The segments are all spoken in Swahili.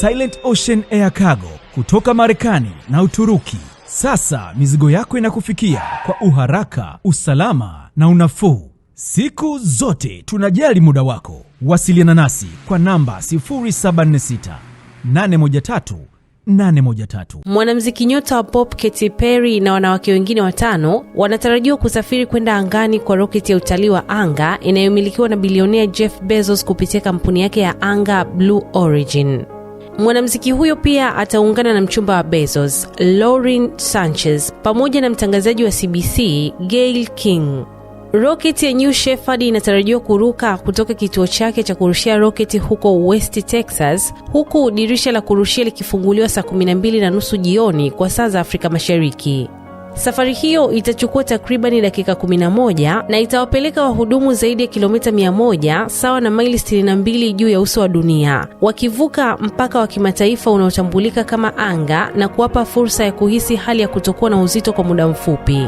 Silent Ocean Air Cargo kutoka Marekani na Uturuki. Sasa mizigo yako inakufikia kwa uharaka, usalama na unafuu. Siku zote tunajali muda wako. Wasiliana nasi kwa namba 076 813 tatu. Mwanamuziki nyota wa pop Katy Perry na wanawake wengine watano wanatarajiwa kusafiri kwenda angani kwa roketi ya utalii wa anga inayomilikiwa na bilionea Jeff Bezos kupitia kampuni yake ya anga Blue Origin mwanamziki huyo pia ataungana na mchumba wa Bezos, Lauren Sanchez, pamoja na mtangazaji wa CBC Gail King. Roketi ya New Shepard inatarajiwa kuruka kutoka kituo chake cha kurushia roketi huko West Texas, huku dirisha la kurushia likifunguliwa saa 12 na nusu jioni kwa saa za Afrika Mashariki. Safari hiyo itachukua takribani dakika 11 na itawapeleka wahudumu zaidi ya kilomita 100 sawa na maili 62 juu ya uso wa dunia, wakivuka mpaka wa kimataifa unaotambulika kama anga na kuwapa fursa ya kuhisi hali ya kutokuwa na uzito kwa muda mfupi.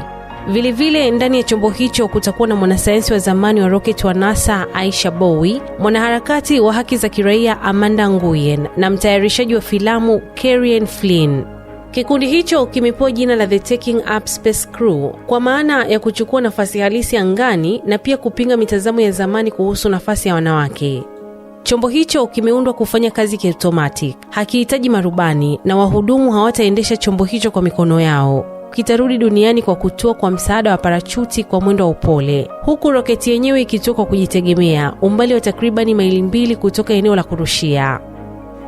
Vilevile ndani ya chombo hicho kutakuwa na mwanasayansi wa zamani wa rocket wa NASA Aisha Bowie, mwanaharakati wa haki za kiraia Amanda Nguyen na mtayarishaji wa filamu Kerian Flynn. Kikundi hicho kimepewa jina la The Taking Up Space Crew kwa maana ya kuchukua nafasi halisi angani na pia kupinga mitazamo ya zamani kuhusu nafasi ya wanawake. Chombo hicho kimeundwa kufanya kazi kiautomatic, hakihitaji marubani na wahudumu hawataendesha chombo hicho kwa mikono yao. Kitarudi duniani kwa kutua kwa msaada wa parachuti kwa mwendo wa upole, huku roketi yenyewe ikitua kwa kujitegemea, umbali wa takribani maili mbili kutoka eneo la kurushia.